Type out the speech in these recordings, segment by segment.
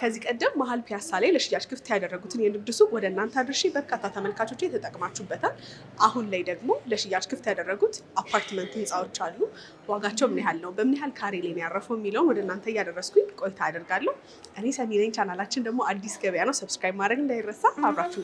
ከዚህ ቀደም መሀል ፒያሳ ላይ ለሽያጭ ክፍት ያደረጉትን የንግድ ሱቅ ወደ እናንተ አድርሼ በርካታ ተመልካቾች ተጠቅማችሁበታል። አሁን ላይ ደግሞ ለሽያጭ ክፍት ያደረጉት አፓርትመንት ህንፃዎች አሉ። ዋጋቸው ምን ያህል ነው፣ በምን ያህል ካሬ ላይ ያረፈው የሚለውን ወደ እናንተ እያደረስኩኝ ቆይታ አደርጋለሁ። እኔ ነኝ። ቻናላችን ደግሞ አዲስ ገበያ ነው። ሰብስክራይብ ማድረግ እንዳይረሳ፣ አብራችሁ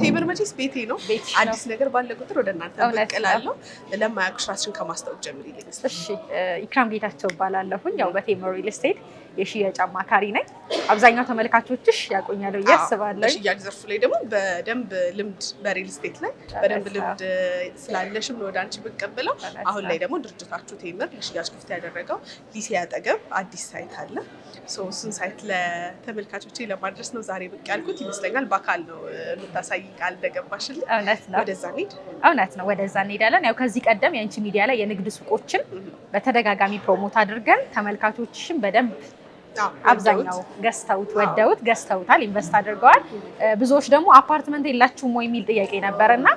ቴምር መቼስ ቤቴ ነው። አዲስ ነገር ባለ ቁጥር ወደ እናንተ ብቅ ለማያውቁሽ ራስሽን ከማስታወቅ ጀምሪ። እሺ፣ ኢክራም ጌታቸው እባላለሁኝ ያው በቴምር ሪል ስቴት የሽያጭ አማካሪ ነኝ። አብዛኛው ተመልካቾችሽ ያቆኛለሁ እያስባለሁ። አስባለሁ። ሽያጭ ዘርፉ ላይ ደግሞ በደንብ ልምድ በሪል ስቴት ላይ በደንብ ልምድ ስላለሽም ወደ አንቺ ብቅ ብለው አሁን ላይ ደግሞ ድርጅታችሁ ቴምር ለሽያጭ ክፍት ያደረገው ሊሴ አጠገብ አዲስ ሳይት አለ። እሱን ሳይት ለተመልካቾች ለማድረስ ነው ዛሬ ብቅ ያልኩት ይመስለኛል። በአካል ነው የምታሳይ ቃል እንደገባሽልኝ። እውነት ነው፣ ወደዛ እንሂድ። እውነት ነው፣ ወደዛ እንሄዳለን። ያው ከዚህ ቀደም የአንቺ ሚዲያ ላይ የንግድ ሱቆችን በተደጋጋሚ ፕሮሞት አድርገን ተመልካቾችሽን በደንብ አብዛኛው ገዝተውት ወደውት ገዝተውታል፣ ኢንቨስት አድርገዋል። ብዙዎች ደግሞ አፓርትመንት የላችሁም ወይ የሚል ጥያቄ ነበር እና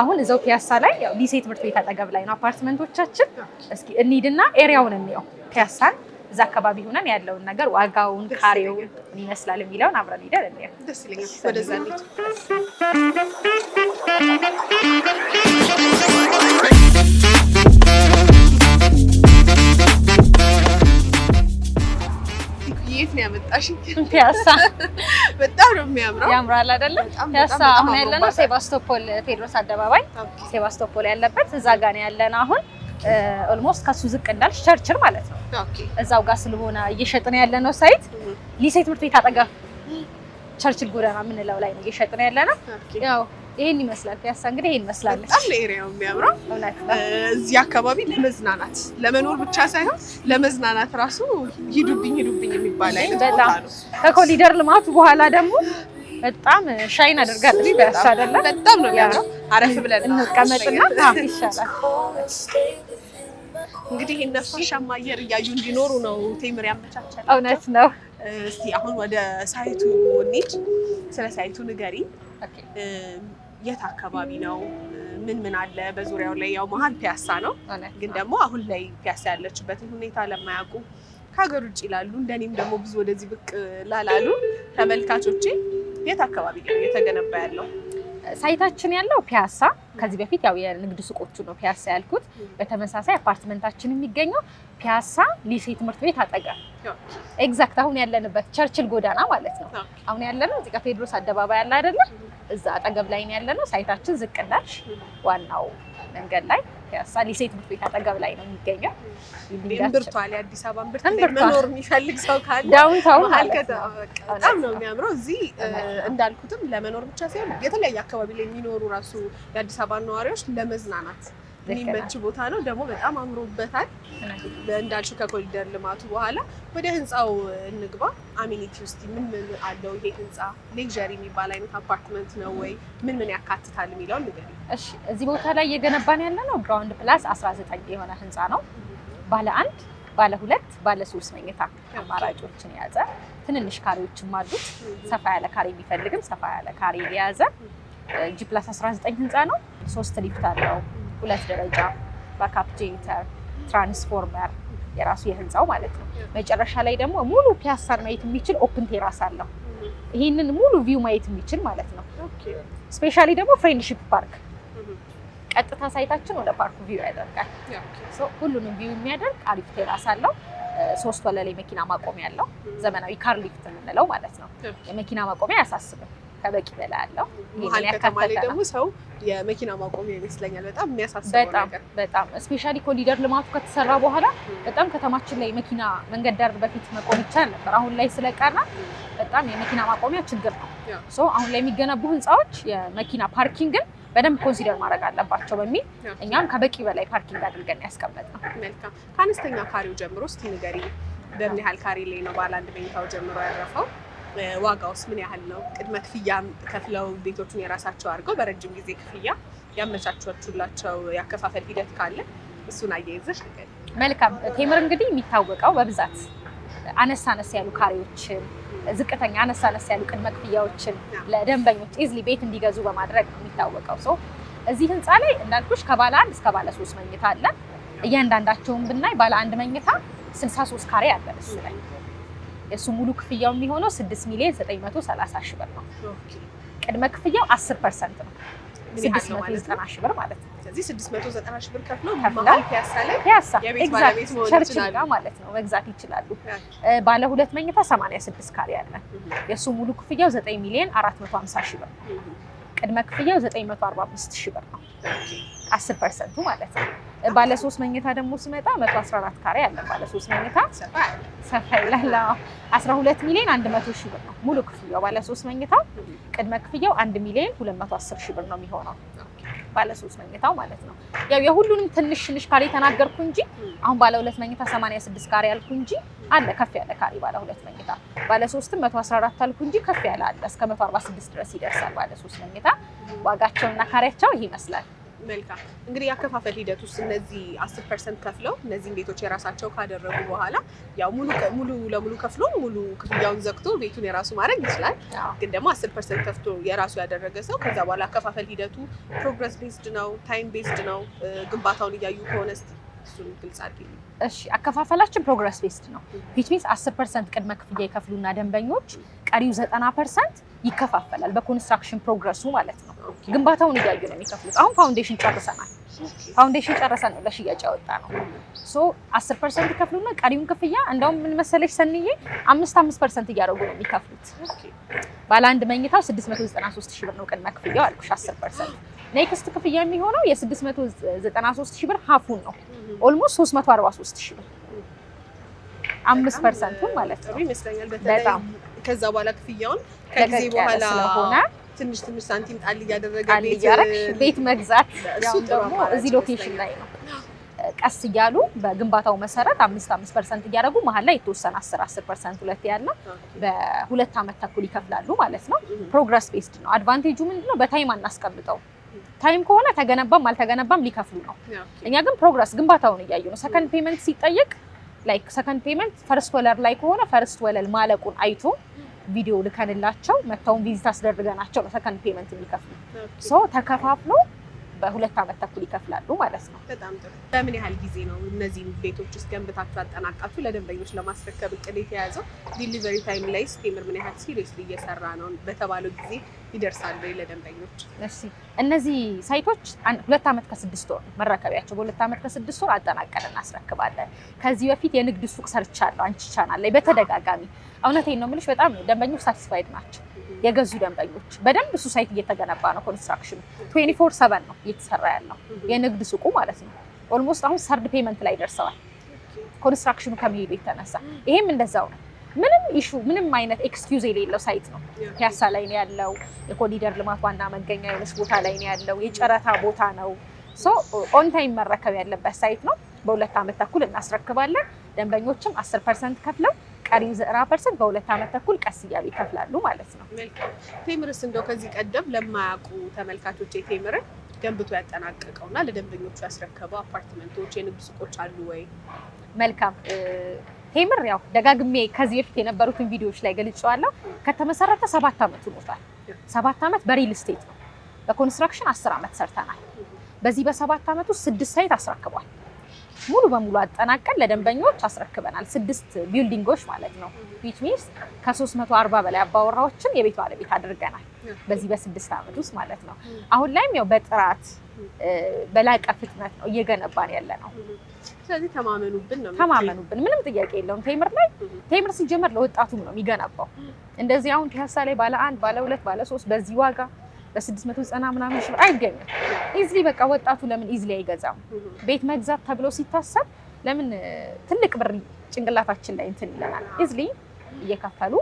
አሁን እዛው ፒያሳ ላይ ሊሴ ትምህርት ቤት አጠገብ ላይ ነው አፓርትመንቶቻችን። እስኪ እንሂድና ኤሪያውን እንየው ፒያሳን እዛ አካባቢ ሆነን ያለውን ነገር ዋጋውን፣ ካሬውን ምን ይመስላል የሚለውን አብረን ሄደን እንየው። ደስ ይለኛል። ወደዛ እንሂድ። የት ነው ያመጣሽኝ? ፒያሳ በጣም ነው የሚያምረው። ያምራል አይደለም? ፒያሳ አሁን ያለነው ሴባስቶፖል ቴድሮስ አደባባይ ሴባስቶፖል ያለበት እዛ ጋ ነው ያለነው አሁን ኦልሞስት ከሱ ዝቅ እንዳልሽ ቸርችል ማለት ነው። እዛው ጋር ስለሆነ እየሸጥን ያለነው ሳይት ሊሴ ትምህርት ቤት አጠገብ ቸርችል ጎዳና የምንለው ላይ ነው እየሸጥን ያለነው ያው ይሄን ይመስላል። ፒያሳ እንግዲህ ይሄን ይመስላል። በጣም ለኤሪያው የሚያምረው እዚህ አካባቢ ለመዝናናት ለመኖር ብቻ ሳይሆን ለመዝናናት ራሱ ሂዱብኝ ሂዱብኝ የሚባል አይነት ቦታ ነው። ከኮሊደር ልማቱ በኋላ ደግሞ በጣም ሻይን አድርጋለች ፒያሳ አይደለ? በጣም ነው የሚያምረው። አረፍ ብለን እንቀመጥና ይሻላል። እንግዲህ ነፋሻማ አየር እያዩ እንዲኖሩ ነው ቴምር ያመቻቸል። እውነት ነው። እስቲ አሁን ወደ ሳይቱ እንሂድ። ስለ ሳይቱ ንገሪ። የት አካባቢ ነው? ምን ምን አለ በዙሪያው ላይ? ያው መሀል ፒያሳ ነው፣ ግን ደግሞ አሁን ላይ ፒያሳ ያለችበትን ሁኔታ ለማያውቁ ከሀገር ውጭ ይላሉ እንደኔም ደግሞ ብዙ ወደዚህ ብቅ ላላሉ ተመልካቾቼ የት አካባቢ ነው የተገነባ ያለው? ሳይታችን ያለው ፒያሳ ከዚህ በፊት ያው የንግድ ሱቆቹ ነው ፒያሳ ያልኩት። በተመሳሳይ አፓርትመንታችን የሚገኘው ፒያሳ ሊሴ ትምህርት ቤት አጠገብ ኤግዛክት አሁን ያለንበት ቸርችል ጎዳና ማለት ነው። አሁን ያለነው እዚህ ጋር ቴዎድሮስ አደባባይ አለ አይደለ? እዛ አጠገብ ላይ ነው ያለነው። ሳይታችን ዝቅ እንዳልሽ ዋናው መንገድ ላይ ፒያሳ ሊሴ ትምህርት ቤት አጠገብ ላይ ነው የሚገኘው። እምብርቷል፣ የአዲስ አበባ ላይ መኖር የሚፈልግ ሰው ካለ ዳውንታውን በጣም ነው የሚያምረው። እዚህ እንዳልኩትም ለመኖር ብቻ ሳይሆን የተለያየ አካባቢ ላይ የሚኖሩ ራሱ የአዲስ አበባ ነዋሪዎች ለመዝናናት የሚመች ቦታ ነው። ደግሞ በጣም አምሮበታል። እንዳልሽው ከኮሪደር ልማቱ በኋላ ወደ ህንፃው እንግባ። አሚኒቲ ውስጥ ምን ምን አለው ይሄ ህንፃ? ሌክዠሪ የሚባል አይነት አፓርትመንት ነው ወይ ምን ምን ያካትታል የሚለው ንገሪ። እሺ፣ እዚህ ቦታ ላይ እየገነባን ያለ ነው ግራውንድ ፕላስ 19 የሆነ ህንፃ ነው። ባለ አንድ፣ ባለ ሁለት፣ ባለ ሶስት መኝታ አማራጮችን የያዘ ትንንሽ ካሬዎችም አሉት። ሰፋ ያለ ካሬ የሚፈልግም ሰፋ ያለ ካሬ የያዘ ጂፕላስ 19 ህንፃ ነው። ሶስት ሊፍት አለው ሁለት ደረጃ ባካፕ ትራንስፎርመር የራሱ የህንፃው ማለት ነው። መጨረሻ ላይ ደግሞ ሙሉ ፒያሳን ማየት የሚችል ኦፕን ቴራስ አለው። ይህንን ሙሉ ቪው ማየት የሚችል ማለት ነው። ስፔሻሊ ደግሞ ፍሬንድሺፕ ፓርክ ቀጥታ ሳይታችን ወደ ፓርኩ ቪው ያደርጋል። ሁሉንም ቪው የሚያደርግ አሪፍ ቴራስ አለው። ሶስት ወለል የመኪና ማቆሚያ አለው። ዘመናዊ ካር ሊፍት የምንለው ማለት ነው። የመኪና ማቆሚያ አያሳስብም። ከበቂ በላይ አለው። መሀል ከተማ ላይ ደግሞ ሰው የመኪና ማቆሚያ ይመስለኛል በጣም የሚያሳስበው ነገር። በጣም እስፔሻሊ ኮሊደር ልማቱ ከተሰራ በኋላ በጣም ከተማችን ላይ መኪና መንገድ ዳር በፊት መቆም ይቻል ነበር። አሁን ላይ ስለቀረ በጣም የመኪና ማቆሚያ ችግር ነው። ሶ አሁን ላይ የሚገነቡ ህንፃዎች የመኪና ፓርኪንግን በደንብ ኮንሲደር ማድረግ አለባቸው በሚል እኛም ከበቂ በላይ ፓርኪንግ አድርገን ያስቀመጥነው። መልካም። ከአነስተኛ ካሬው ጀምሮ እስቲ ንገሪ፣ በምን ያህል ካሬ ላይ ነው ባለ አንድ መኝታው ጀምሮ ያረፈው? ዋጋውስ ምን ያህል ነው? ቅድመ ክፍያ ከፍለው ቤቶቹን የራሳቸው አድርገው በረጅም ጊዜ ክፍያ ያመቻቸችላቸው ያከፋፈል ሂደት ካለ እሱን አያይዘሽ መልካም ቴምር እንግዲህ የሚታወቀው በብዛት አነስ አነስ ያሉ ካሬዎችን ዝቅተኛ አነስ አነስ ያሉ ቅድመ ክፍያዎችን ለደንበኞች ኢዝሊ ቤት እንዲገዙ በማድረግ የሚታወቀው ሰው እዚህ ህንፃ ላይ እንዳልኩሽ ከባለ አንድ እስከ ባለ ሶስት መኝታ አለ። እያንዳንዳቸውን ብናይ ባለ አንድ መኝታ ስልሳ ሶስት ካሬ አለ እሱ ላይ እሱ ሙሉ ክፍያው የሚሆነው 6 ሚሊዮን 930 ሺህ ብር ነው። ቅድመ ክፍያው 10 ፐርሰንት ነው። 690 ሺህ ብር ማለት ነው። ስለዚህ 690 ሺህ ብር ከፍሎ ፒያሳ ላይ ቸርችል ጋር ማለት ነው መግዛት ይችላሉ። ባለ ሁለት መኝታ 86 ካሬ አለ። የእሱ ሙሉ ክፍያው 9 ሚሊዮን 450 ሺህ ብር ነው። ቅድመ ክፍያው 945 ሺህ ብር ነው። 10 ፐርሰንቱ ማለት ነው። ባለ ሶስት መኝታ ደግሞ ስመጣ 114 ካሬ አለ። ባለ ሶስት መኝታ ሰፋ ይላል። 12 ሚሊዮን 100 ሺህ ብር ነው ሙሉ ክፍያው። ባለ ሶስት መኝታ ቅድመ ክፍያው 1 ሚሊዮን 210 ሺህ ብር ነው የሚሆነው ባለ ሶስት መኝታው ማለት ነው። ያው የሁሉንም ትንሽ ትንሽ ካሬ ተናገርኩ እንጂ አሁን ባለ ሁለት መኝታ 86 ካሬ አልኩ እንጂ አለ ከፍ ያለ ካሬ ባለ ሁለት መኝታ። ባለ ሶስትም 114 አልኩ እንጂ ከፍ ያለ አለ እስከ 146 ድረስ ይደርሳል። ባለ ሶስት መኝታ ዋጋቸውና ካሬያቸው ይህ ይመስላል። መልካም እንግዲህ ያከፋፈል ሂደት ውስጥ እነዚህ አስር ፐርሰንት ከፍለው እነዚህን ቤቶች የራሳቸው ካደረጉ በኋላ ያው ሙሉ ሙሉ ለሙሉ ከፍሎ ሙሉ ክፍያውን ዘግቶ ቤቱን የራሱ ማድረግ ይችላል። ግን ደግሞ አስር ፐርሰንት ከፍቶ የራሱ ያደረገ ሰው ከዛ በኋላ አከፋፈል ሂደቱ ፕሮግረስ ቤዝድ ነው፣ ታይም ቤዝድ ነው፣ ግንባታውን እያዩ ከሆነ እሱን ግልጽ አድርጊ። እሺ አከፋፈላችን ፕሮግረስ ቤዝድ ነው። ፒት አስር ፐርሰንት ቅድመ ክፍያ የከፍሉና ደንበኞች ቀሪው ዘጠና ፐርሰንት ይከፋፈላል። በኮንስትራክሽን ፕሮግረሱ ማለት ነው። ግንባታውን እያዩ ነው የሚከፍሉት። አሁን ፋውንዴሽን ጨርሰናል። ፋውንዴሽን ጨርሰን ነው ለሽያጭ ያወጣ ነው። ሶ አስር ፐርሰንት ይከፍሉና ቀሪውን ክፍያ እንደውም ምን መሰለሽ ሰንዬ አምስት አምስት ፐርሰንት እያደረጉ ነው የሚከፍሉት። ባለ አንድ መኝታው ሶስት ሺ ብር ነው ቅድመ ክፍያው አልኩሽ፣ አስር ፐርሰንት። ኔክስት ክፍያ የሚሆነው የ693 ሺህ ብር ሀፉን ነው። ኦልሞስት 343 ሺህ ብር አምስት ፐርሰንቱን ማለት ነው ይመስለኛል። በጣም ከዛ በኋላ ክፍያውን ከጊዜ በኋላ ስለሆነ ትንሽ ትንሽ ሳንቲም ጣል እያደረገ ቤት መግዛት ደግሞ እዚህ ሎኬሽን ላይ ነው። ቀስ እያሉ በግንባታው መሰረት አምስት አምስት ፐርሰንት እያደረጉ መሀል ላይ የተወሰነ አስር አስር ፐርሰንት ሁለት ያለ በሁለት ዓመት ተኩል ይከፍላሉ ማለት ነው። ፕሮግረስ ቤስድ ነው። አድቫንቴጁ ምንድነው? በታይም አናስቀምጠው። ታይም ከሆነ ተገነባም አልተገነባም ሊከፍሉ ነው። እኛ ግን ፕሮግረስ ግንባታውን እያዩ ነው። ሰከንድ ፔመንት ሲጠየቅ ላይክ ሰከንድ ፔመንት ፈርስት ወለል ላይ ከሆነ ፈርስት ወለል ማለቁን አይቶ ቪዲዮ ልከንላቸው መጥተውን ቪዚት አስደርገናቸው ነው ሰከንድ ፔመንት የሚከፍሉ ተከፋፍሎ በሁለት ዓመት ተኩል ይከፍላሉ ማለት ነው። በጣም ጥሩ። በምን ያህል ጊዜ ነው እነዚህን ቤቶች ውስጥ ገንብታችሁ አጠናቃችሁ ለደንበኞች ለማስረከብ እቅድ የተያዘው? ዲሊቨሪ ታይም ላይ ስቴምር ምን ያህል ሲሪየስሊ እየሰራ ነው? በተባለው ጊዜ ይደርሳሉ ለደንበኞች? እሺ፣ እነዚህ ሳይቶች ሁለት ዓመት ከስድስት ወር መረከቢያቸው፣ በሁለት ዓመት ከስድስት ወር አጠናቀን እናስረክባለን። ከዚህ በፊት የንግድ ሱቅ ሰርቻለሁ አንቺ ቻናል ላይ በተደጋጋሚ እውነቴን ነው የምልሽ፣ በጣም ደንበኞች ሳቲስፋይድ ናቸው። የገዙ ደንበኞች በደንብ እሱ ሳይት እየተገነባ ነው። ኮንስትራክሽኑ ትዌንቲ ፎር ሰቨን ነው እየተሰራ ያለው የንግድ ሱቁ ማለት ነው። ኦልሞስት አሁን ሰርድ ፔመንት ላይ ደርሰዋል ኮንስትራክሽኑ ከመሄዱ የተነሳ ይሄም እንደዛው ነው። ምንም ኢሹ ምንም አይነት ኤክስኪዩዝ የሌለው ሳይት ነው። ፒያሳ ላይ ነው ያለው። የኮሊደር ልማት ዋና መገኛ የሆነች ቦታ ላይ ነው ያለው። የጨረታ ቦታ ነው። ኦን መረከብ ያለበት ሳይት ነው። በሁለት ዓመት ተኩል እናስረክባለን። ደንበኞችም አስር ፐርሰንት ከፍለው ቀሪ ዘጠና ፐርሰንት በሁለት ዓመት ተኩል ቀስ እያሉ ይከፍላሉ ማለት ነው። ቴምርስ እንደው ከዚህ ቀደም ለማያውቁ ተመልካቾች የቴምርን ገንብቶ ያጠናቀቀውና ለደንበኞቹ ያስረከበው አፓርትመንቶች፣ የንግድ ሱቆች አሉ ወይ? መልካም ቴምር ያው ደጋግሜ ከዚህ በፊት የነበሩትን ቪዲዮዎች ላይ ገልጬዋለሁ። ከተመሰረተ ሰባት ዓመት ሆኖታል። ሰባት ዓመት በሪል ስቴት ነው። በኮንስትራክሽን አስር ዓመት ሰርተናል። በዚህ በሰባት ዓመት ውስጥ ስድስት ሳይት አስረክቧል። ሙሉ በሙሉ አጠናቀን ለደንበኞች አስረክበናል። ስድስት ቢልዲንጎች ማለት ነው። ዊች ሚንስ ከ340 በላይ አባወራዎችን የቤት ባለቤት አድርገናል በዚህ በስድስት ዓመት ውስጥ ማለት ነው። አሁን ላይም ያው በጥራት በላቀ ፍጥነት ነው እየገነባን ያለ ነው። ስለዚህ ተማመኑብን ነው ተማመኑብን፣ ምንም ጥያቄ የለውም። ቴምር ላይ ቴምር ሲጀመር ለወጣቱም ነው የሚገነባው። እንደዚህ አሁን ፒያሳ ላይ ባለ አንድ ባለ ሁለት ባለ ሶስት በዚህ ዋጋ በስድስት መቶ ዘጠና ምናምን ሺህ አይገኝም። ኢዝሊ በቃ ወጣቱ ለምን ኢዝሊ አይገዛም? ቤት መግዛት ተብሎ ሲታሰብ ለምን ትልቅ ብር ጭንቅላታችን ላይ እንትን ይለናል። ኢዝሊ እየከፈሉ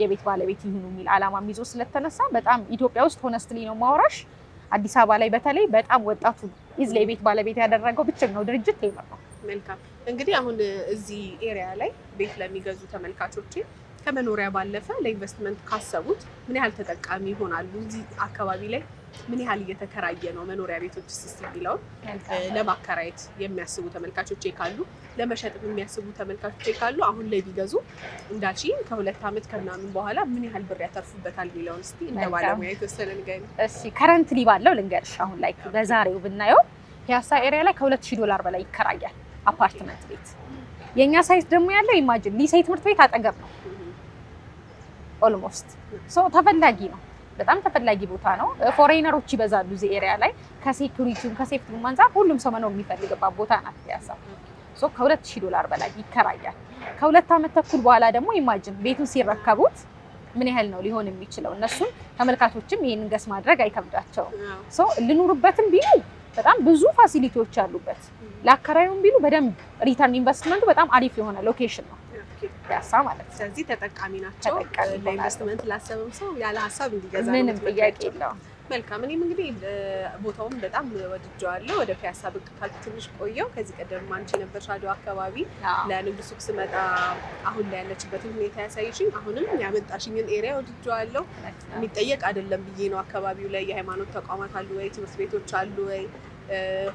የቤት ባለቤት ይሁኑ የሚል አላማም ይዞ ስለተነሳ በጣም ኢትዮጵያ ውስጥ ሆነስትሊ ነው ማውራሽ፣ አዲስ አበባ ላይ በተለይ በጣም ወጣቱ ኢዝሊ የቤት ባለቤት ያደረገው ብቸኛው ድርጅት ቴምር ነው። መልካም እንግዲህ አሁን እዚህ ኤሪያ ላይ ቤት ለሚገዙ ተመልካቾች ከመኖሪያ ባለፈ ለኢንቨስትመንት ካሰቡት ምን ያህል ተጠቃሚ ይሆናሉ? እዚህ አካባቢ ላይ ምን ያህል እየተከራየ ነው? መኖሪያ ቤቶች ስስ የሚለውን ለማከራየት የሚያስቡ ተመልካቾች ካሉ፣ ለመሸጥ የሚያስቡ ተመልካቾች ካሉ አሁን ላይ ቢገዙ እንዳልሽ ከሁለት ዓመት ከምናምን በኋላ ምን ያህል ብር ያተርፉበታል የሚለውን እስኪ እንደ ባለሙያ የተወሰነ ንገሪኝ። እሺ ከረንትሊ ባለው ልንገርሽ። አሁን ላይ በዛሬው ብናየው ፒያሳ ኤሪያ ላይ ከሁለት ሺህ ዶላር በላይ ይከራያል አፓርትመንት ቤት። የእኛ ሳይት ደግሞ ያለው ኢማጅን ሊሴ ትምህርት ቤት አጠገብ ነው ኦልሞስት ተፈላጊ ነው። በጣም ተፈላጊ ቦታ ነው። ፎሬነሮች ይበዛሉ እዚህ ኤሪያ ላይ ከሴኩሪቲውም ከሴፍቲውም አንጻር ሁሉም ሰው መኖር የሚፈልግባት ቦታ ናት ፒያሳ። ከሁለት ሺህ ዶላር በላይ ይከራያል። ከሁለት ዓመት ተኩል በኋላ ደግሞ ኢማጅን ቤቱን ሲረከቡት ምን ያህል ነው ሊሆን የሚችለው? እነሱም ተመልካቾችም ይህንን ገስ ማድረግ አይከብዳቸውም። ልኑርበትም ቢሉ በጣም ብዙ ፋሲሊቲዎች ያሉበት ለአከራዩም ቢሉ በደንብ ሪተርን ኢንቨስትመንቱ በጣም አሪፍ የሆነ ሎኬሽን ነው። ፒያሳ ማለት ነው። ስለዚህ ተጠቃሚ ናቸው። ለኢንቨስትመንት ላሰበም ሰው ያለ ሀሳብ እንዲገዛ ምንም ጥያቄ የለውም። መልካም። እኔም እንግዲህ ቦታውም በጣም ወድጀዋለሁ። ወደ ፒያሳ ብቅ ካልኩ ትንሽ ቆየው። ከዚህ ቀደም አንቺ የነበርሽ አድዋ አካባቢ ለንግድ ሱቅ ስመጣ አሁን ላይ ያለችበትን ሁኔታ ያሳይሽኝ፣ አሁንም ያመጣሽኝን ኤሪያ ወድጀዋለሁ። የሚጠየቅ አይደለም ብዬ ነው። አካባቢው ላይ የሃይማኖት ተቋማት አሉ ወይ? ትምህርት ቤቶች አሉ ወይ?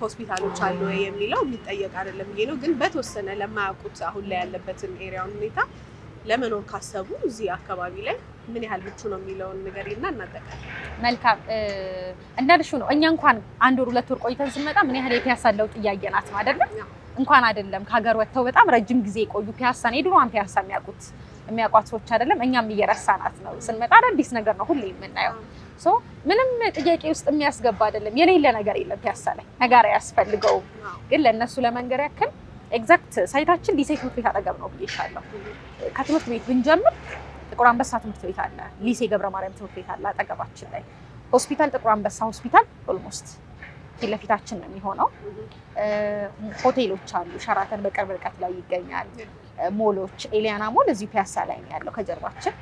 ሆስፒታሎች አሉ የሚለው የሚጠየቅ አይደለም ብዬ ነው። ግን በተወሰነ ለማያውቁት አሁን ላይ ያለበትን ኤሪያውን ሁኔታ ለመኖር ካሰቡ እዚህ አካባቢ ላይ ምን ያህል ምቹ ነው የሚለውን ነገር ና እናጠቃለን። መልካም እንዳልሽው ነው። እኛ እንኳን አንድ ወር ሁለት ወር ቆይተን ስንመጣ ምን ያህል የፒያሳ ለውጥ እያየናት አይደለም። እንኳን አይደለም ከሀገር ወጥተው በጣም ረጅም ጊዜ የቆዩ ነው የድሮዋን ፒያሳ የሚያውቁት የሚያውቋት ሰዎች አይደለም። እኛም እየረሳናት ነው። ስንመጣ አዳዲስ ነገር ነው ሁሌ የምናየው። ምንም ጥያቄ ውስጥ የሚያስገባ አይደለም። የሌለ ነገር የለም። ፒያሳ ላይ ነገር አያስፈልገውም። ግን ለእነሱ ለመንገር ያክል ኤግዛክት ሳይታችን ሊሴ ትምህርት ቤት አጠገብ ነው ብዬሻለሁ። ከትምህርት ቤት ብንጀምር ጥቁር አንበሳ ትምህርት ቤት አለ፣ ሊሴ ገብረ ማርያም ትምህርት ቤት አለ አጠገባችን ላይ። ሆስፒታል ጥቁር አንበሳ ሆስፒታል ኦልሞስት ፊት ለፊታችን ነው የሚሆነው። ሆቴሎች አሉ፣ ሸራተን በቅርብ ርቀት ላይ ይገኛል። ሞሎች፣ ኤሊያና ሞል እዚሁ ፒያሳ ላይ ነው ያለው፣ ከጀርባችን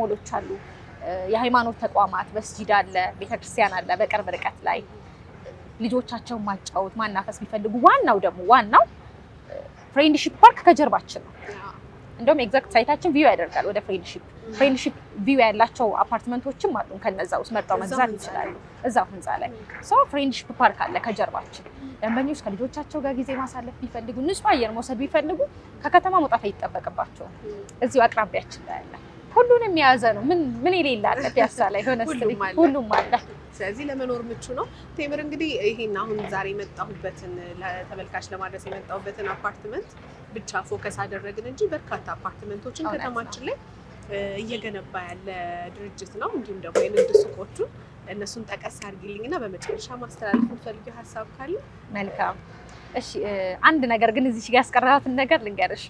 ሞሎች አሉ። የሃይማኖት ተቋማት መስጂድ አለ፣ ቤተክርስቲያን አለ። በቅርብ ርቀት ላይ ልጆቻቸውን ማጫወት ማናፈስ ቢፈልጉ ዋናው ደግሞ ዋናው ፍሬንድሺፕ ፓርክ ከጀርባችን ነው። እንደውም ኤግዛክት ሳይታችን ቪው ያደርጋል ወደ ፍሬንድሺፕ። ፍሬንድሺፕ ቪው ያላቸው አፓርትመንቶችም አሉ። ከነዛ ውስጥ መርጠው መግዛት ይችላሉ። እዛው ህንፃ ላይ ሰው ፍሬንድሺፕ ፓርክ አለ ከጀርባችን። ደንበኞች ከልጆቻቸው ጋር ጊዜ ማሳለፍ ቢፈልጉ፣ ንጹህ አየር መውሰድ ቢፈልጉ ከከተማ መውጣት አይጠበቅባቸውም። እዚሁ አቅራቢያችን ላይ ያለ ሁሉንም የያዘ ነው። ምን ምን ይሌላል ፒያሳ ላይ ሆነ ሁሉም አለ። ስለዚህ ለመኖር ምቹ ነው። ቴምር እንግዲህ ይሄን አሁን ዛሬ የመጣሁበትን ተመልካች ለማድረስ የመጣሁበትን አፓርትመንት ብቻ ፎከስ አደረግን እንጂ በርካታ አፓርትመንቶችን ከተማችን ላይ እየገነባ ያለ ድርጅት ነው። እንዲሁም ደግሞ የንግድ ሱቆቹን እነሱን ጠቀስ አድርጊልኝ እና በመጨረሻ ማስተላለፍ የምትፈልጊው ሀሳብ ካለ መልካም እሺ አንድ ነገር ግን እዚህ ጋር ያስቀራሁትን ነገር ልንገርሽ።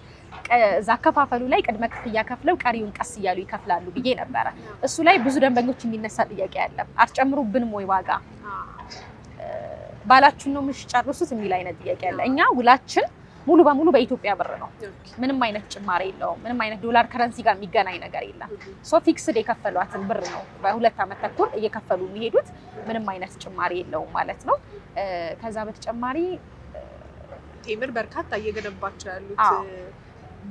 እዛ አከፋፈሉ ላይ ቅድመ ክፍያ ከፍለው ቀሪውን ቀስ እያሉ ይከፍላሉ ብዬ ነበረ። እሱ ላይ ብዙ ደንበኞች የሚነሳ ጥያቄ አለ። አትጨምሩብንም ወይ ዋጋ ባላችሁን ነው የምትጨርሱት የሚል አይነት ጥያቄ አለ። እኛ ውላችን ሙሉ በሙሉ በኢትዮጵያ ብር ነው። ምንም አይነት ጭማሬ የለውም። ምንም አይነት ዶላር ከረንሲ ጋር የሚገናኝ ነገር የለም። ሶ ፊክስድ የከፈሏትን ብር ነው በሁለት ዓመት ተኩል እየከፈሉ የሚሄዱት። ምንም አይነት ጭማሬ የለውም ማለት ነው። ከዛ በተጨማሪ ቴምር በርካታ እየገነባቸው ያሉት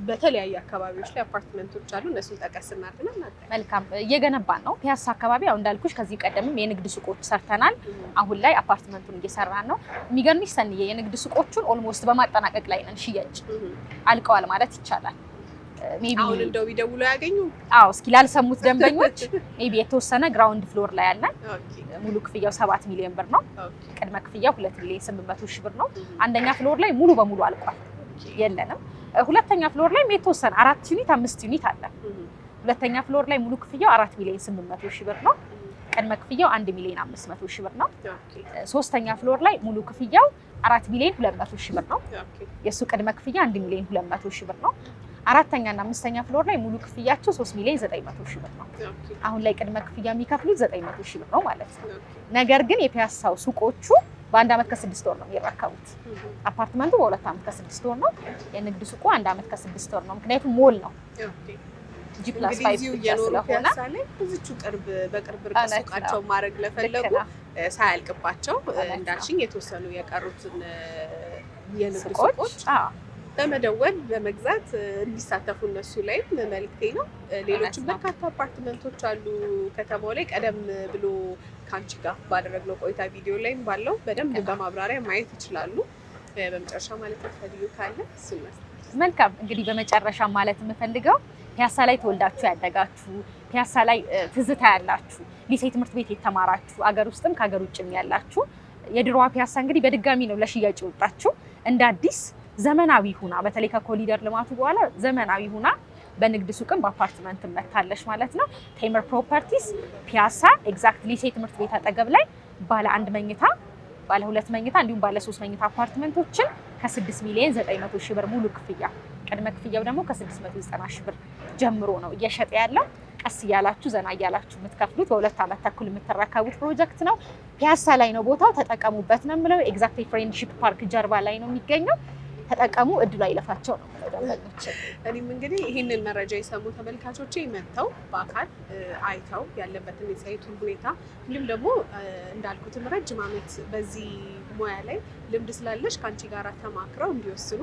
በተለያየ አካባቢዎች ላይ አፓርትመንቶች አሉ። እነሱን ጠቀስ እናድርግና መልካም እየገነባን ነው። ፒያሳ አካባቢ ያው እንዳልኩሽ ከዚህ ቀደምም የንግድ ሱቆች ሰርተናል። አሁን ላይ አፓርትመንቱን እየሰራን ነው። የሚገርምሽ ሰንዬ የንግድ ሱቆቹን ኦልሞስት በማጠናቀቅ ላይ ነን። ሽያጭ አልቀዋል ማለት ይቻላል። አሁን እንደው ቢደውሉ ያገኙ? አዎ እስኪ ላልሰሙት ደንበኞች ሜይ ቢ የተወሰነ ግራውንድ ፍሎር ላይ ያለን ሙሉ ክፍያው ሰባት ሚሊዮን ብር ነው። ቅድመ ክፍያው ሁለት ሚሊዮን ስምንት መቶ ሺህ ብር ነው። አንደኛ ፍሎር ላይ ሙሉ በሙሉ አልቋል፣ የለንም። ሁለተኛ ፍሎር ላይ የተወሰነ አራት ዩኒት አምስት ዩኒት አለ። ሁለተኛ ፍሎር ላይ ሙሉ ክፍያው አራት ሚሊዮን ስምንት መቶ ሺህ ብር ነው። ቅድመ ክፍያው አንድ ሚሊዮን አምስት መቶ ሺህ ብር ነው። ሶስተኛ ፍሎር ላይ ሙሉ ክፍያው አራት ሚሊዮን ሁለት መቶ ሺህ ብር ነው። የእሱ ቅድመ ክፍያ አንድ ሚሊዮን ሁለት መቶ ሺህ ብር ነው። አራተኛና አምስተኛ ፍሎር ላይ ሙሉ ክፍያቸው 3 ሚሊዮን 900 ሺህ ብር ነው። አሁን ላይ ቅድመ ክፍያ የሚከፍሉት 900 ሺህ ብር ነው ማለት ነው። ነገር ግን የፒያሳው ሱቆቹ በአንድ አመት ከስድስት ወር ነው የሚረከቡት። አፓርትመንቱ በሁለት አመት ከስድስት ወር ነው። የንግድ ሱቁ አንድ አመት ከስድስት ወር ነው። ምክንያቱም ሞል ነው ጂ ፕላስ ሳያልቅባቸው እንዳልሽኝ የተወሰኑ የቀሩትን የንግድ ሱቆች በመደወል በመግዛት እንዲሳተፉ እነሱ ላይም መልክቴ ነው። ሌሎችም በርካታ አፓርትመንቶች አሉ ከተማው ላይ። ቀደም ብሎ ከአንቺ ጋር ባደረግነው ቆይታ ቪዲዮ ላይም ባለው በደንብ በማብራሪያ ማየት ይችላሉ። በመጨረሻ ማለት የምፈልገው ካለ እሱን መልካም። እንግዲህ በመጨረሻ ማለት የምፈልገው ፒያሳ ላይ ተወልዳችሁ ያደጋችሁ፣ ፒያሳ ላይ ትዝታ ያላችሁ፣ ሊሴ ትምህርት ቤት የተማራችሁ፣ አገር ውስጥም ከሀገር ውጭም ያላችሁ የድሮዋ ፒያሳ እንግዲህ በድጋሚ ነው ለሽያጭ የወጣችሁ እንደ አዲስ ዘመናዊ ሁና በተለይ ከኮሊደር ልማቱ በኋላ ዘመናዊ ሁና በንግድ ሱቅም በአፓርትመንት መታለች ማለት ነው። ቴምር ፕሮፐርቲስ ፒያሳ ኤግዛክት ሊሴ ትምህርት ቤት አጠገብ ላይ ባለ አንድ መኝታ፣ ባለ ሁለት መኝታ እንዲሁም ባለ ሶስት መኝታ አፓርትመንቶችን ከ6 ሚሊዮን 900 ሺህ ብር ሙሉ ክፍያ ቅድመ ክፍያው ደግሞ ከ690 ሺህ ብር ጀምሮ ነው እየሸጠ ያለው። ቀስ እያላችሁ ዘና እያላችሁ የምትከፍሉት በሁለት ዓመት ተኩል የምትረከቡት ፕሮጀክት ነው። ፒያሳ ላይ ነው ቦታው፣ ተጠቀሙበት ነው የምለው። ኤግዛክት ፍሬንድሺፕ ፓርክ ጀርባ ላይ ነው የሚገኘው። ተጠቀሙ። እድሉ አይለፋቸው ነው። እኔም እንግዲህ ይህንን መረጃ የሰሙ ተመልካቾቼ መጥተው በአካል አይተው ያለበትን የሳይቱን ሁኔታ እንዲሁም ደግሞ እንዳልኩትም ረጅም ዓመት በዚህ ሙያ ላይ ልምድ ስላለሽ ከአንቺ ጋር ተማክረው እንዲወስኑ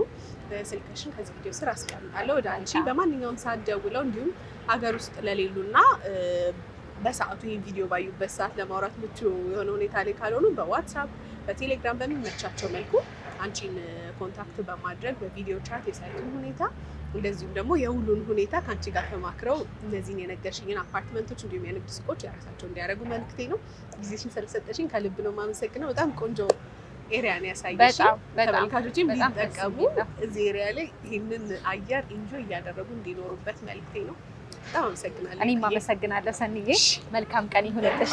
ስልክሽን ከዚህ ቪዲዮ ስር አስቀምጣለሁ ወደ አንቺ በማንኛውም ሰዓት ደውለው እንዲሁም ሀገር ውስጥ ለሌሉና በሰዓቱ ይህ ቪዲዮ ባዩበት ሰዓት ለማውራት ምቹ የሆነ ሁኔታ ላይ ካልሆኑ በዋትሳፕ በቴሌግራም በሚመቻቸው መልኩ አንቺን ኮንታክት በማድረግ በቪዲዮ ቻት የሳይቱን ሁኔታ እንደዚሁም ደግሞ የሁሉን ሁኔታ ከአንቺ ጋር ተማክረው እነዚህን የነገርሽኝን አፓርትመንቶች እንዲሁም የንግድ ሱቆች የራሳቸው እንዲያደርጉ መልክቴ ነው። ጊዜሽን ስለሰጠሽኝ ከልብ ነው የማመሰግነው። በጣም ቆንጆ ኤሪያ ነው ያሳየሽ። ተመልካቾችም እንዲጠቀሙ እዚህ ኤሪያ ላይ ይህንን አየር ኢንጆይ እያደረጉ እንዲኖሩበት መልክቴ ነው። በጣም አመሰግናለሁ። እኔም አመሰግናለሁ ሰንዬ። መልካም ቀን ይሁንልሽ።